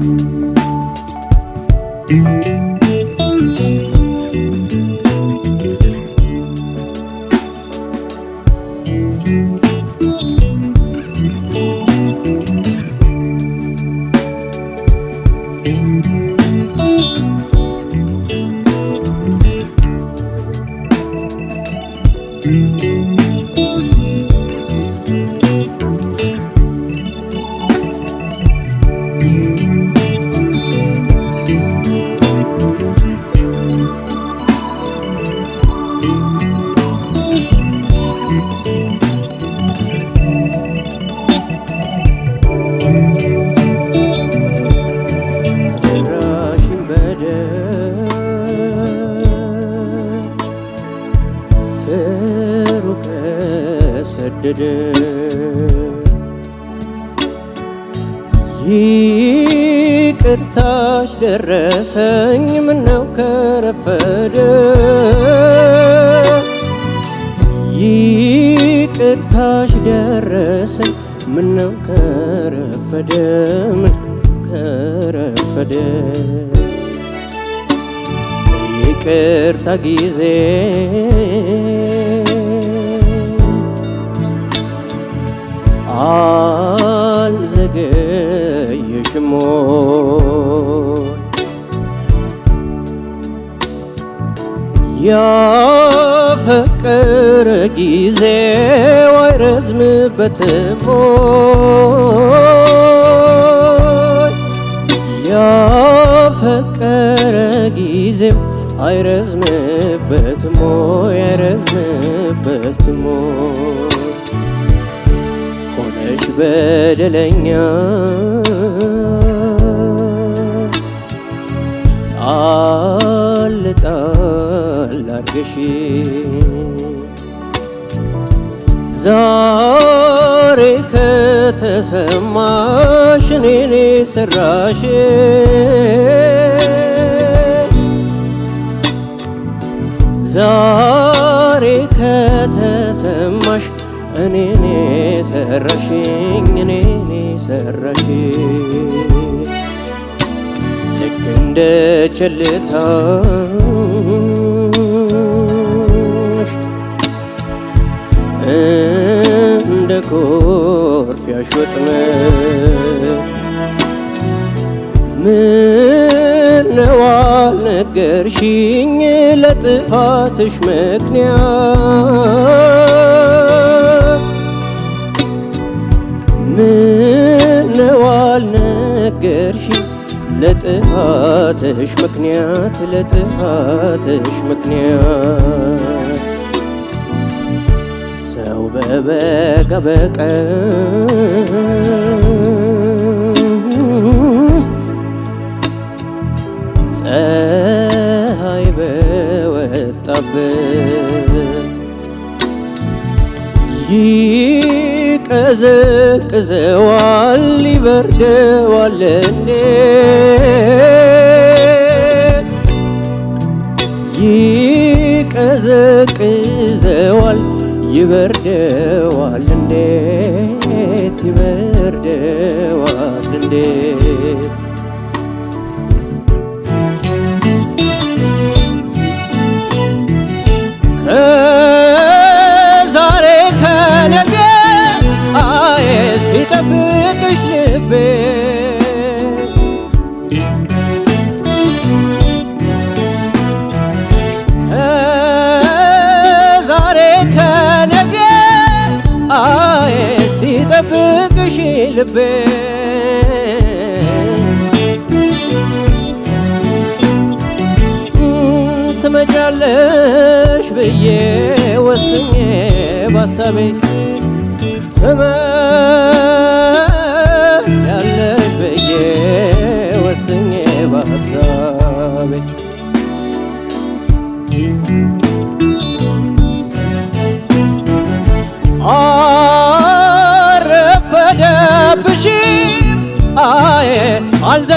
thank mm. you ወደደ ይቅርታሽ ደረሰኝ ምነው ከረፈደ ይቅርታሽ ደረሰኝ ምነው ከረፈደ ምን ከረፈደ ይቅርታ ጊዜ አልዘገየሽሞ ያፈቀረ ጊዜ አይረዝምበትም የፍቅር ጊዜ አይረዝምበትም አይረዝምበትም በደለኛ ጣል ጣል አርገሽ ዛሬ ከተሰማሽ እኔን ሰራሽ ዛሬ ከተሰማሽ እኔኔ ሰራሽኝ እኔኔ ሰራሽ ልክ እንደ ቸልታሽ እንደ ኮርፊያሽ ወጥመድ ምነው አልነገርሽኝ ለጥፋትሽ ምክንያት ምነው አልነገርሽኝ ለጥፋትሽ ምክንያት ለጥፋትሽ ምክንያት ሰው በበጋ በቀን ፀሐይ በወጣበት ቀዘቅዘዋል ይበርደዋል እንዴ ይቀዘቅዘዋል ይበርደዋል እንዴት ይበርደዋል እንዴት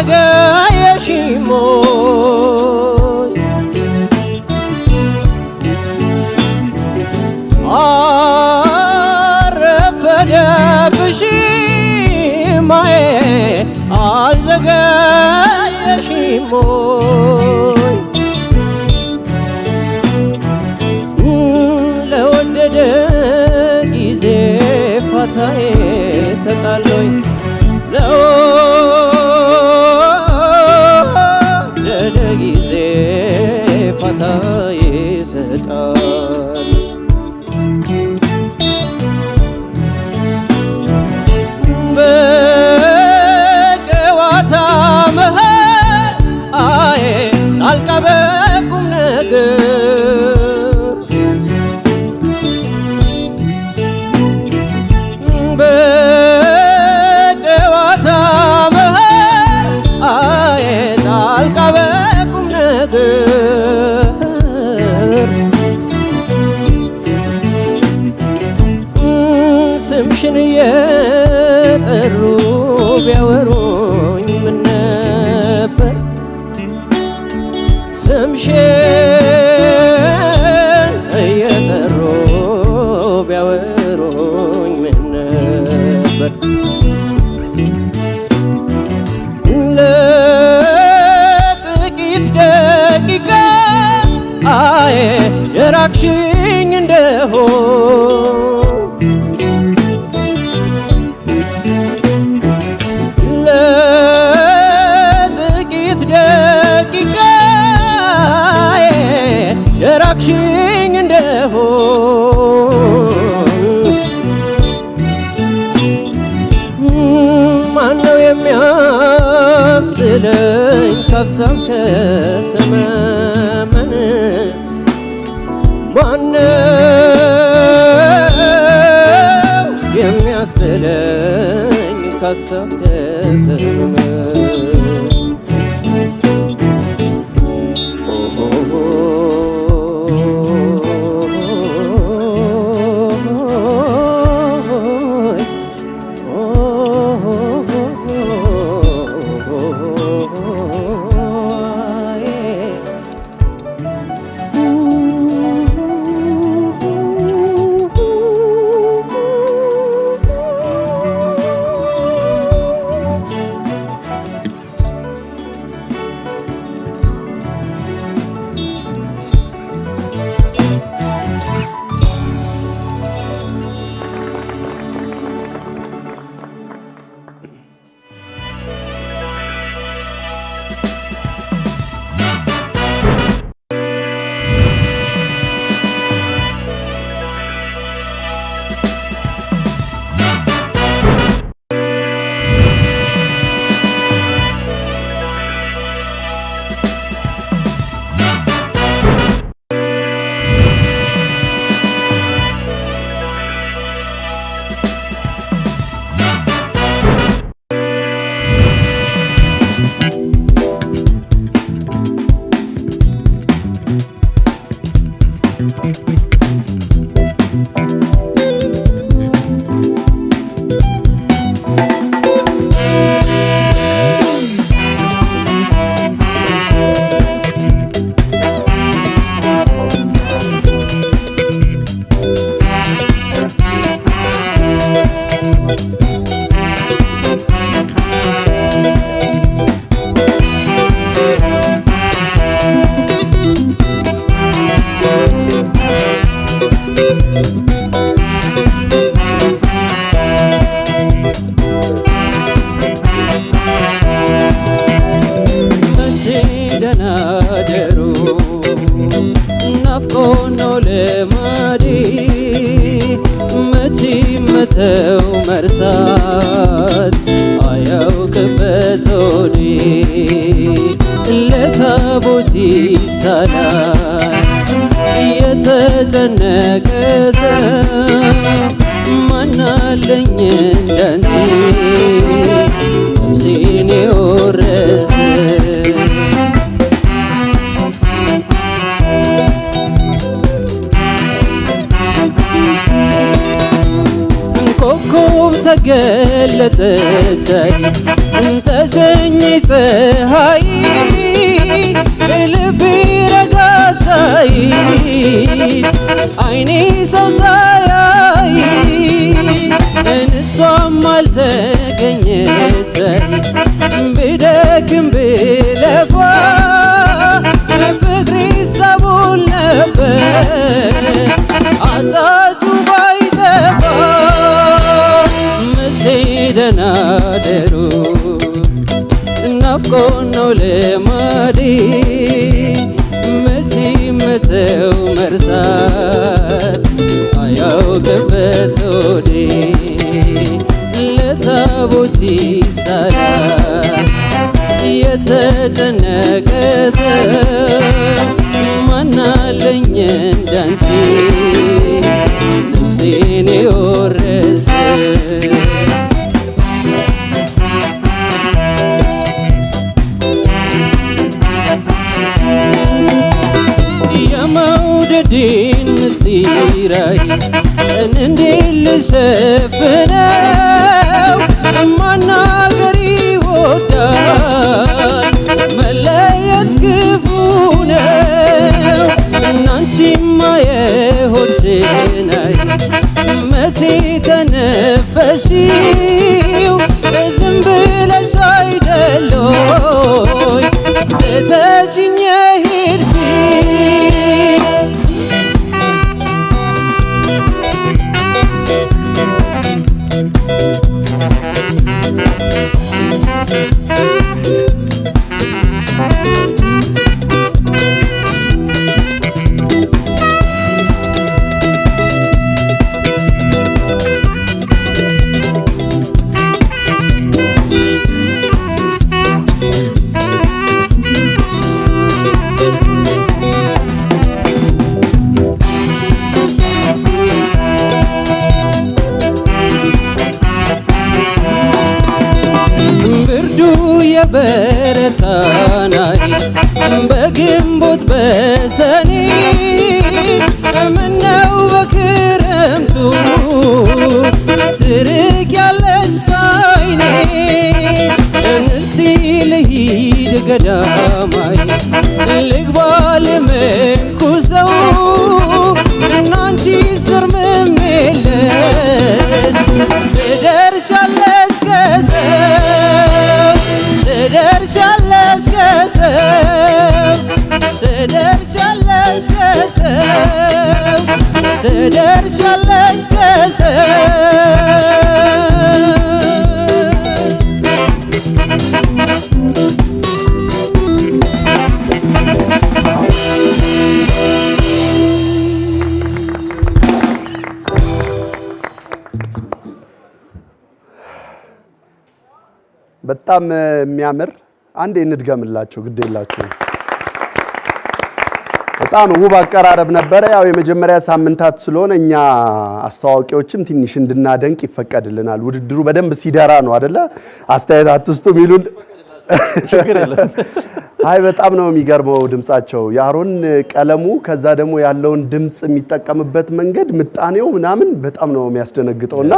የሽሞይ አረፈደብሽ ማዬ አዘገየሽሞይ ነበር ለጥቂት ደቂቃ አየ የራቅሽኝ እንደሆን አትለኝ ካሳብ ከሰመመን ማነው የሚያስጥለኝ ካሳብ ከሰመመን ለታቦቴ ይሳላል የተጨነቀ ሰው ማናለኝ እንዳንቺ ነፍሴን የወረሰ ኮከብ ተገለጠች ያደረሰኝ ፀሐይ ልብ ረጋሳይ አይኔ ሰው ሳያይ እንሷም አልተገኘተኝ ብደክም የመውደድን ምስጢራይ እንዴት ልሸፍነው? ማናገሪ ይወዳል መለየት ክፉ ነው። እናንቺማ የሆድሽ ናይ መቼ ተነፈስሽ ትሻለሽ በጣም የሚያምር አንድ እንድገምላችሁ ግድ የላችሁ በጣም ውብ አቀራረብ ነበረ። ያው የመጀመሪያ ሳምንታት ስለሆነ እኛ አስተዋዋቂዎችም ትንሽ እንድናደንቅ ይፈቀድልናል። ውድድሩ በደንብ ሲደራ ነው አደለ? አስተያየት አትስጡ የሚሉን አይ በጣም ነው የሚገርመው ድምጻቸው፣ የአሮን ቀለሙ ከዛ ደግሞ ያለውን ድምጽ የሚጠቀምበት መንገድ ምጣኔው ምናምን በጣም ነው የሚያስደነግጠውና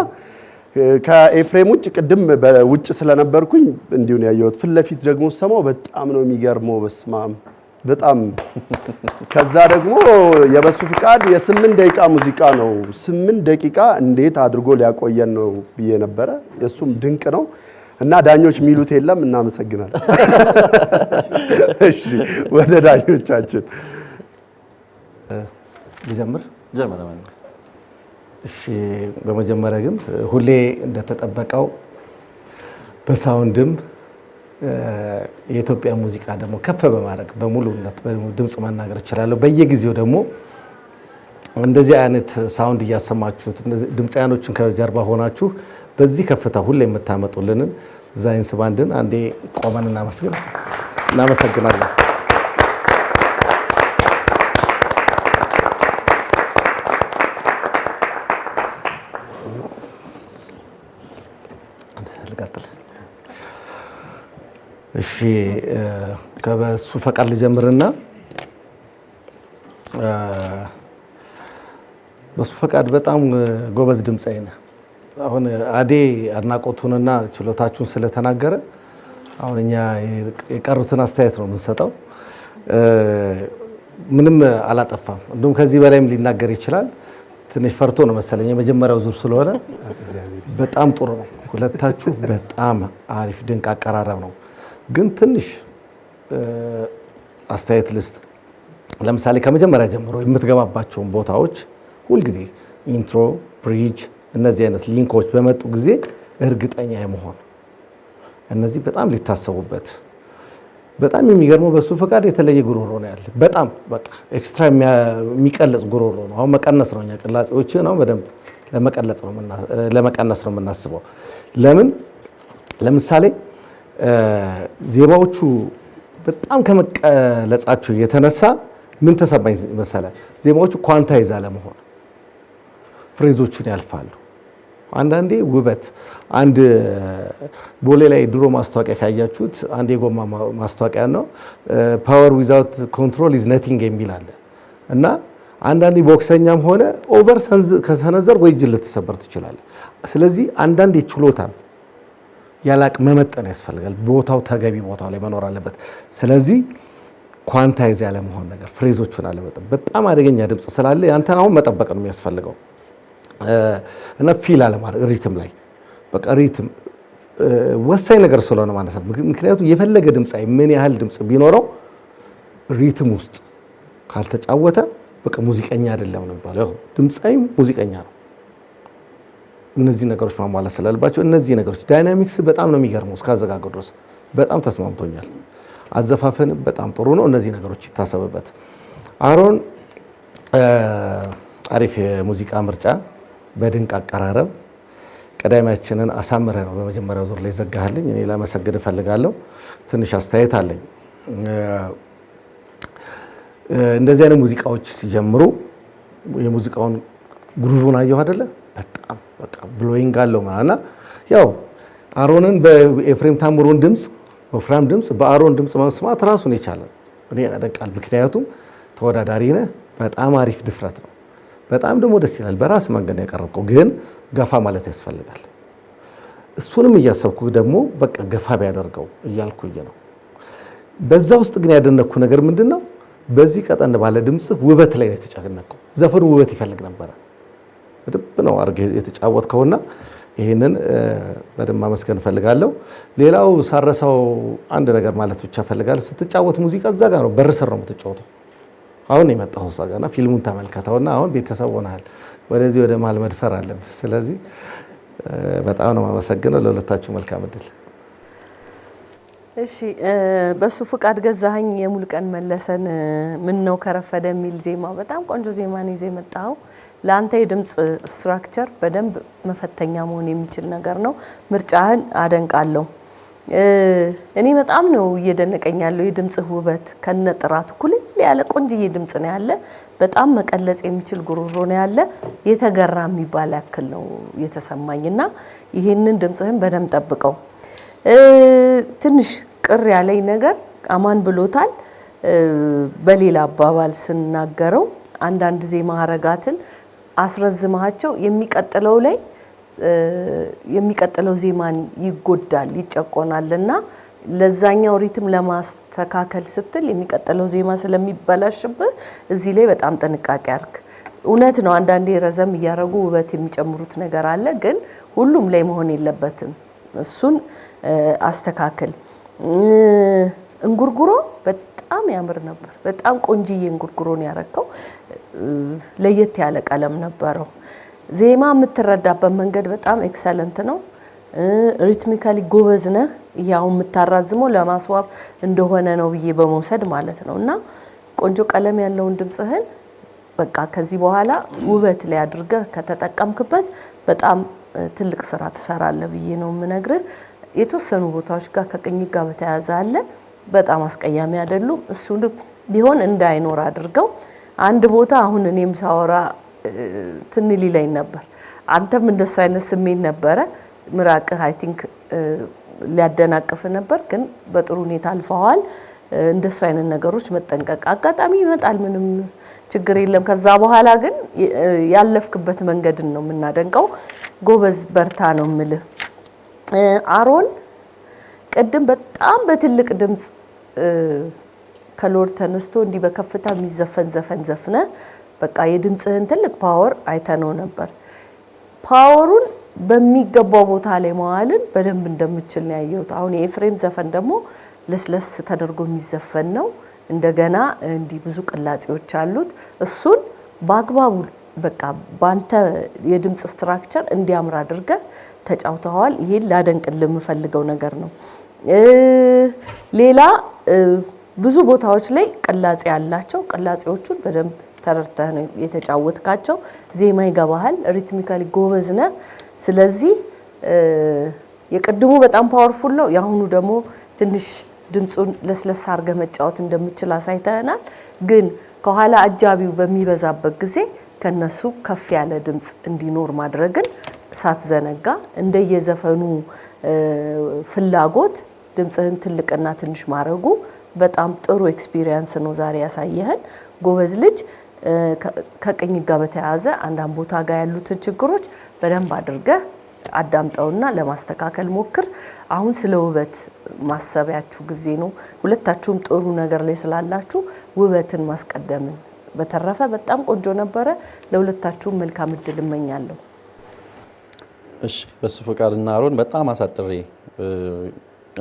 ከኤፍሬም ውጭ ቅድም በውጭ ስለነበርኩኝ እንዲሁ ያየሁት። ፊት ለፊት ደግሞ ሰማው በጣም ነው የሚገርመው በስማም በጣም ከዛ ደግሞ የበሱ ፍቃድ የስምንት ደቂቃ ሙዚቃ ነው። ስምንት ደቂቃ እንዴት አድርጎ ሊያቆየን ነው ብዬ ነበረ። የእሱም ድንቅ ነው እና ዳኞች የሚሉት የለም። እናመሰግናለን። እሺ ወደ ዳኞቻችን ልጀምር። እሺ በመጀመሪያ ግን ሁሌ እንደተጠበቀው በሳውንድም የኢትዮጵያ ሙዚቃ ደግሞ ከፍ በማድረግ በሙሉነት ድምፅ መናገር እችላለሁ። በየጊዜው ደግሞ እንደዚህ አይነት ሳውንድ እያሰማችሁት ድምፃያኖችን ከጀርባ ሆናችሁ በዚህ ከፍታ ሁሌ የምታመጡልንን ዛይንስ ባንድን አንዴ ቆመን እናመስግን። እናመሰግናለን። ከእሱ ፈቃድ ልጀምርና በእሱ ፈቃድ በጣም ጎበዝ ድምፃዊ ነህ። አሁን አዴ አድናቆቱንና ችሎታችሁን ስለተናገረ አሁን እኛ የቀሩትን አስተያየት ነው የምንሰጠው። ምንም አላጠፋም፣ እንዲሁም ከዚህ በላይም ሊናገር ይችላል። ትንሽ ፈርቶ ነው መሰለኝ የመጀመሪያው ዙር ስለሆነ። በጣም ጥሩ ነው። ሁለታችሁ በጣም አሪፍ ድንቅ አቀራረብ ነው፣ ግን ትንሽ አስተያየት ልስጥ። ለምሳሌ ከመጀመሪያ ጀምሮ የምትገባባቸውን ቦታዎች ሁልጊዜ ኢንትሮ፣ ብሪጅ፣ እነዚህ አይነት ሊንኮች በመጡ ጊዜ እርግጠኛ የመሆን እነዚህ በጣም ሊታሰቡበት በጣም የሚገርመው በሱ ፈቃድ የተለየ ጉሮሮ ነው ያለ። በጣም በቃ ኤክስትራ የሚቀለጽ ጉሮሮ ነው። አሁን መቀነስ ነው እኛ ቅላጼዎች ነው በደንብ ለመቀነስ ነው የምናስበው። ለምን ለምሳሌ ዜማዎቹ በጣም ከመቀለጻቸው የተነሳ ምን ተሰማኝ መሰለ፣ ዜማዎቹ ኳንታይዝ አለመሆን ፍሬዞቹን ያልፋሉ። አንዳንዴ ውበት አንድ ቦሌ ላይ ድሮ ማስታወቂያ ካያችሁት አንድ የጎማ ማስታወቂያ ነው። ፓወር ዊዛውት ኮንትሮል ኢዝ ነቲንግ የሚል አለ እና አንዳንዴ ቦክሰኛም ሆነ ኦቨር ከሰነዘር ወይ እጅ ልትሰበር ትችላለህ። ስለዚህ አንዳንዴ ችሎታም ያላቅ መመጠን ያስፈልጋል። ቦታው ተገቢ ቦታው ላይ መኖር አለበት። ስለዚህ ኳንታይዝ ያለመሆን ነገር ፍሬዞቹን አለመጠን በጣም አደገኛ ድምፅ ስላለ ያንተን አሁን መጠበቅ ነው የሚያስፈልገው እና ፊል አለማድረግ ሪትም ላይ በቃ ሪትም ወሳኝ ነገር ስለሆነ ማለት ነው። ምክንያቱም የፈለገ ድምፃዊ ምን ያህል ድምፅ ቢኖረው ሪትም ውስጥ ካልተጫወተ በቃ ሙዚቀኛ አይደለም ነው የሚባለው። ድምፃዊ ሙዚቀኛ ነው። እነዚህ ነገሮች ማሟላት ስላለባቸው እነዚህ ነገሮች ዳይናሚክስ በጣም ነው የሚገርመው። እስካዘጋገው ድረስ በጣም ተስማምቶኛል። አዘፋፈን በጣም ጥሩ ነው። እነዚህ ነገሮች ይታሰብበት። አሮን አሪፍ የሙዚቃ ምርጫ፣ በድንቅ አቀራረብ ቀዳሚያችንን አሳምረ ነው በመጀመሪያው ዙር ላይ ዘጋሃልኝ። እኔ ላመሰግን እፈልጋለሁ። ትንሽ አስተያየት አለኝ። እንደዚህ አይነት ሙዚቃዎች ሲጀምሩ የሙዚቃውን ጉሩቡን አየሁ አደለ በጣም በቃ ብሎይንግ አለው እና ያው አሮንን በኤፍሬም ታምሮን ድምፅ ወፍራም ድምፅ በአሮን ድምፅ መስማት ራሱን የቻለ እኔ ያደንቃል። ምክንያቱም ተወዳዳሪ ነህ። በጣም አሪፍ ድፍረት ነው። በጣም ደግሞ ደስ ይላል። በራስ መንገድ ያቀረብከው፣ ግን ገፋ ማለት ያስፈልጋል። እሱንም እያሰብኩ ደግሞ በቃ ገፋ ቢያደርገው እያልኩኝ ነው። በዛ ውስጥ ግን ያደነኩ ነገር ምንድን ነው? በዚህ ቀጠን ባለ ድምፅ ውበት ላይ ነው የተጨነቀው። ዘፈኑ ውበት ይፈልግ ነበረ። በደንብ ነው አድርገህ የተጫወትከውና ይህንን በደንብ ማመስገን እፈልጋለሁ። ሌላው ሳረሳው አንድ ነገር ማለት ብቻ ፈልጋለሁ ስትጫወት ሙዚቃ እዛ ጋር ነው፣ በር ስር ነው የምትጫወተው። አሁን የመጣሁ እዛ ና ፊልሙን ተመልከተውና አሁን ቤተሰብ ሆነሃል። ወደዚህ ወደ መሀል መድፈር አለብህ። ስለዚህ በጣም ነው የማመሰግነው። ለሁለታችሁ መልካም እድል። እሺ፣ በሱ ፍቃድ ገዛኸኝ የሙሉቀን መለሰን ምን ነው ከረፈደ የሚል ዜማ፣ በጣም ቆንጆ ዜማ ነው ይዘህ የመጣኸው። ለአንተ የድምፅ ስትራክቸር በደንብ መፈተኛ መሆን የሚችል ነገር ነው። ምርጫህን አደንቃለሁ። እኔ በጣም ነው እየደነቀኝ ያለው የድምፅ ውበት ከነ ጥራቱ ኩልል ያለ ቆንጅዬ ድምፅ ነው ያለ። በጣም መቀለጽ የሚችል ጉሮሮ ነው ያለ። የተገራ የሚባል ያክል ነው የተሰማኝ እና ይህንን ድምፅህን በደንብ ጠብቀው። ትንሽ ቅር ያለኝ ነገር አማን ብሎታል። በሌላ አባባል ስናገረው አንዳንድ ዜማ ሀረጋትን አስረዝማቸው የሚቀጥለው ላይ የሚቀጥለው ዜማን ይጎዳል፣ ይጨቆናል እና ለዛኛው ሪትም ለማስተካከል ስትል የሚቀጥለው ዜማ ስለሚበላሽብህ እዚህ ላይ በጣም ጥንቃቄ አድርግ። እውነት ነው። አንዳንዴ ረዘም እያደረጉ ውበት የሚጨምሩት ነገር አለ፣ ግን ሁሉም ላይ መሆን የለበትም። እሱን አስተካክል። እንጉርጉሮ በጣም ያምር ነበር። በጣም ቆንጅዬ እንጉርጉሮን ያረከው ለየት ያለ ቀለም ነበረው። ዜማ የምትረዳበት መንገድ በጣም ኤክሰለንት ነው። ሪትሚካሊ ጎበዝ ነህ። ያው የምታራዝመው ለማስዋብ እንደሆነ ነው ብዬ በመውሰድ ማለት ነው እና ቆንጆ ቀለም ያለውን ድምፅህን በቃ ከዚህ በኋላ ውበት ላይ አድርገህ ከተጠቀምክበት በጣም ትልቅ ስራ ትሰራለህ ብዬ ነው የምነግርህ። የተወሰኑ ቦታዎች ጋር ከቅኝት ጋር በተያያዘ አለ በጣም አስቀያሚ አይደሉም። እሱ ቢሆን እንዳይኖር አድርገው አንድ ቦታ አሁን እኔም ሳወራ ትን ሊለኝ ነበር። አንተም እንደሱ አይነት ስሜት ነበረ። ምራቅህ አይ ቲንክ ሊያደናቅፍ ነበር፣ ግን በጥሩ ሁኔታ አልፈዋል። እንደሱ አይነት ነገሮች መጠንቀቅ አጋጣሚ ይመጣል፣ ምንም ችግር የለም። ከዛ በኋላ ግን ያለፍክበት መንገድን ነው የምናደንቀው። ጎበዝ በርታ ነው የምልህ አሮን ቅድም በጣም በትልቅ ድምፅ ከሎድ ተነስቶ እንዲህ በከፍታ የሚዘፈን ዘፈን ዘፍነ በቃ የድምፅህን ትልቅ ፓወር አይተነው ነበር። ፓወሩን በሚገባው ቦታ ላይ መዋልን በደንብ እንደምችል ነው ያየሁት። አሁን የኤፍሬም ዘፈን ደግሞ ለስለስ ተደርጎ የሚዘፈን ነው። እንደገና እንዲህ ብዙ ቅላጼዎች አሉት። እሱን በአግባቡ በቃ ባንተ የድምፅ ስትራክቸር እንዲያምር አድርገ ተጫውተዋል። ይሄን ላደንቅልህ የምፈልገው ነገር ነው። ሌላ ብዙ ቦታዎች ላይ ቅላጼ ያላቸው ቅላጼዎቹን በደንብ ተረድተህ ነው የተጫወትካቸው። ዜማ ይገባሃል፣ ሪትሚካሊ ጎበዝ ነህ። ስለዚህ የቅድሙ በጣም ፓወርፉል ነው። የአሁኑ ደግሞ ትንሽ ድምፁን ለስለስ አድርገህ መጫወት እንደምችል አሳይተህናል። ግን ከኋላ አጃቢው በሚበዛበት ጊዜ ከነሱ ከፍ ያለ ድምፅ እንዲኖር ማድረግን ሳትዘነጋ እንደየዘፈኑ ፍላጎት ድምፅህን ትልቅና ትንሽ ማድረጉ በጣም ጥሩ ኤክስፒሪየንስ ነው ዛሬ ያሳየህን። ጎበዝ ልጅ። ከቅኝ ጋር በተያያዘ አንዳንድ ቦታ ጋር ያሉትን ችግሮች በደንብ አድርገህ አዳምጠውና ለማስተካከል ሞክር። አሁን ስለ ውበት ማሰቢያችሁ ጊዜ ነው። ሁለታችሁም ጥሩ ነገር ላይ ስላላችሁ ውበትን ማስቀደምን በተረፈ በጣም ቆንጆ ነበረ። ለሁለታችሁም መልካም እድል እመኛለሁ። እሺ፣ በሱ ፍቃድና አሮን በጣም አሳጥሬ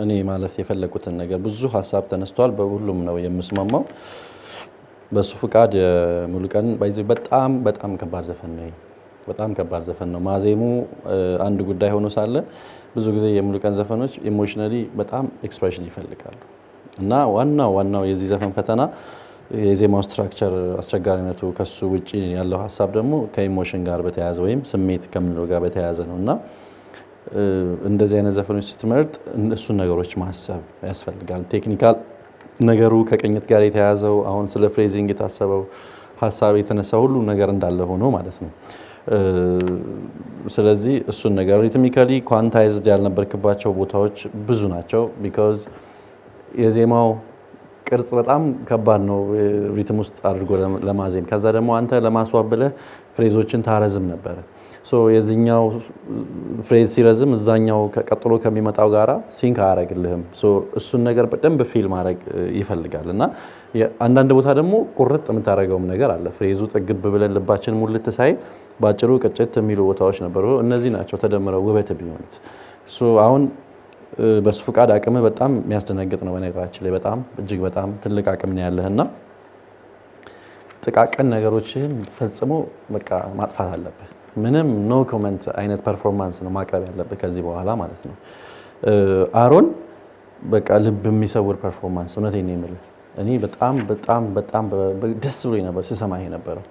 እኔ ማለት የፈለኩትን ነገር ብዙ ሀሳብ ተነስቷል። በሁሉም ነው የምስማማው። በሱ ፍቃድ ሙሉቀን ባይዘ በጣም በጣም ከባድ ዘፈን ነው። በጣም ከባድ ዘፈን ነው። ማዜሙ አንድ ጉዳይ ሆኖ ሳለ ብዙ ጊዜ የሙሉቀን ዘፈኖች ኢሞሽነሊ በጣም ኤክስፕሬሽን ይፈልጋሉ እና ዋናው ዋናው የዚህ ዘፈን ፈተና የዜማው ስትራክቸር አስቸጋሪነቱ፣ ከሱ ውጭ ያለው ሀሳብ ደግሞ ከኢሞሽን ጋር በተያያዘ ወይም ስሜት ከምንለው ጋር በተያያዘ ነው እና እንደዚህ አይነት ዘፈኖች ስትመርጥ እሱን ነገሮች ማሰብ ያስፈልጋል። ቴክኒካል ነገሩ ከቅኝት ጋር የተያዘው አሁን ስለ ፍሬዚንግ የታሰበው ሀሳብ የተነሳ ሁሉ ነገር እንዳለ ሆኖ ማለት ነው። ስለዚህ እሱን ነገር ሪትሚካሊ ኳንታይዝድ ያልነበርክባቸው ቦታዎች ብዙ ናቸው። ቢኮዝ የዜማው ቅርጽ በጣም ከባድ ነው ሪትም ውስጥ አድርጎ ለማዜም። ከዛ ደግሞ አንተ ለማስዋብ ብለህ ፍሬዞችን ታረዝም ነበረ። የዚኛው ፍሬዝ ሲረዝም እዛኛው ቀጥሎ ከሚመጣው ጋራ ሲንክ አያደርግልህም። እሱን ነገር በደንብ ፊል ማድረግ ይፈልጋል እና አንዳንድ ቦታ ደግሞ ቁርጥ የምታደርገውም ነገር አለ። ፍሬዙ ጥግብ ብለን ልባችን ሙልት ሳይል በአጭሩ ቅጭት የሚሉ ቦታዎች ነበሩ። እነዚህ ናቸው ተደምረው ውበት የሚሆኑት። አሁን በሱ ፍቃድ አቅምህ በጣም የሚያስደነግጥ ነው። በነገራችን ላይ በጣም እጅግ በጣም ትልቅ አቅም ነው ያለህና ጥቃቅን ነገሮችህን ፈጽሞ በቃ ማጥፋት አለብህ። ምንም ኖ ኮመንት አይነት ፐርፎርማንስ ነው ማቅረብ ያለብህ ከዚህ በኋላ ማለት ነው። አሮን በቃ ልብ የሚሰውር ፐርፎርማንስ፣ እውነቴን ነው የምልህ። እኔ በጣም በጣም በጣም ደስ ብሎኝ ነበር ስሰማ የነበረው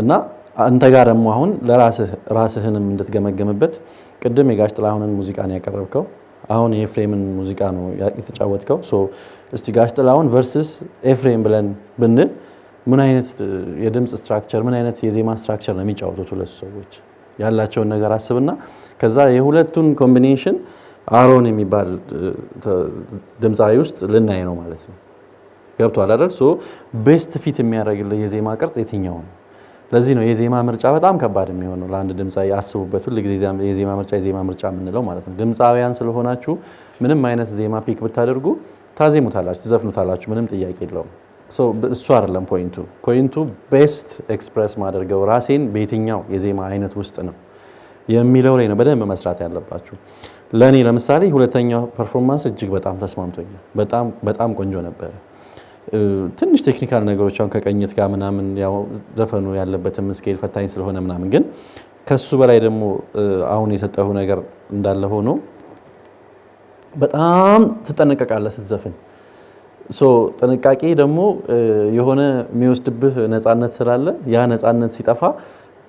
እና አንተ ጋር ደግሞ አሁን ለራስህ ራስህንም እንድትገመገምበት ቅድም የጋሽ ጥላሁንን ሙዚቃን ያቀረብከው አሁን የኤፍሬምን ሙዚቃ ነው የተጫወትከው። እስቲ ጋሽ ጥላሁን ቨርስስ ኤፍሬም ብለን ብንል ምን አይነት የድምፅ ስትራክቸር፣ ምን አይነት የዜማ ስትራክቸር ነው የሚጫወቱት ሁለቱ ሰዎች ያላቸውን ነገር አስብና ከዛ የሁለቱን ኮምቢኔሽን አሮን የሚባል ድምፃዊ ውስጥ ልናይ ነው ማለት ነው። ገብቷል አይደል? ሶ ቤስት ፊት የሚያደርግልህ የዜማ ቅርጽ የትኛው ነው? ለዚህ ነው የዜማ ምርጫ በጣም ከባድ የሚሆነው ለአንድ ድምፃዊ። አስቡበት ሁል ጊዜ የዜማ ምርጫ የዜማ ምርጫ የምንለው ማለት ነው። ድምፃውያን ስለሆናችሁ ምንም አይነት ዜማ ፒክ ብታደርጉ ታዜሙታላችሁ፣ ትዘፍኑታላችሁ። ምንም ጥያቄ የለውም። እሱ አይደለም ፖይንቱ። ፖይንቱ ቤስት ኤክስፕረስ ማደርገው ራሴን በየትኛው የዜማ አይነት ውስጥ ነው የሚለው ላይ ነው በደንብ መስራት ያለባችሁ። ለእኔ ለምሳሌ ሁለተኛው ፐርፎርማንስ እጅግ በጣም ተስማምቶኛል። በጣም በጣም ቆንጆ ነበረ። ትንሽ ቴክኒካል ነገሮች አሁን ከቀኝት ጋር ምናምን ያው ዘፈኑ ያለበትም ስኬል ፈታኝ ስለሆነ ምናምን፣ ግን ከሱ በላይ ደግሞ አሁን የሰጠሁ ነገር እንዳለ ሆኖ በጣም ትጠነቀቃለህ ስትዘፍን ሶ ጥንቃቄ ደግሞ የሆነ የሚወስድብህ ነፃነት ስላለ ያ ነፃነት ሲጠፋ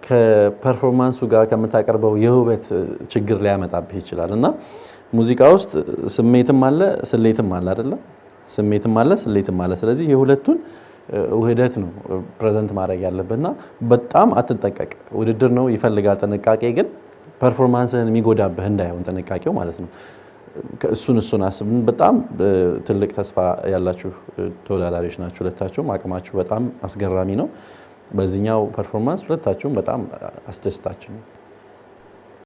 ከፐርፎርማንሱ ጋር ከምታቀርበው የውበት ችግር ሊያመጣብህ ይችላል እና ሙዚቃ ውስጥ ስሜትም አለ ስሌትም አለ አይደለም። ስሜትም አለ ስሌትም አለ። ስለዚህ የሁለቱን ውህደት ነው ፕሬዘንት ማድረግ ያለብህ እና በጣም አትጠቀቅ ውድድር ነው ይፈልጋል ጥንቃቄ፣ ግን ፐርፎርማንስህን የሚጎዳብህ እንዳይሆን ጥንቃቄው ማለት ነው። እሱን እሱን አስብን። በጣም ትልቅ ተስፋ ያላችሁ ተወዳዳሪዎች ናቸው። ሁለታችሁም አቅማችሁ በጣም አስገራሚ ነው። በዚህኛው ፐርፎርማንስ ሁለታችሁም በጣም አስደስታችሁ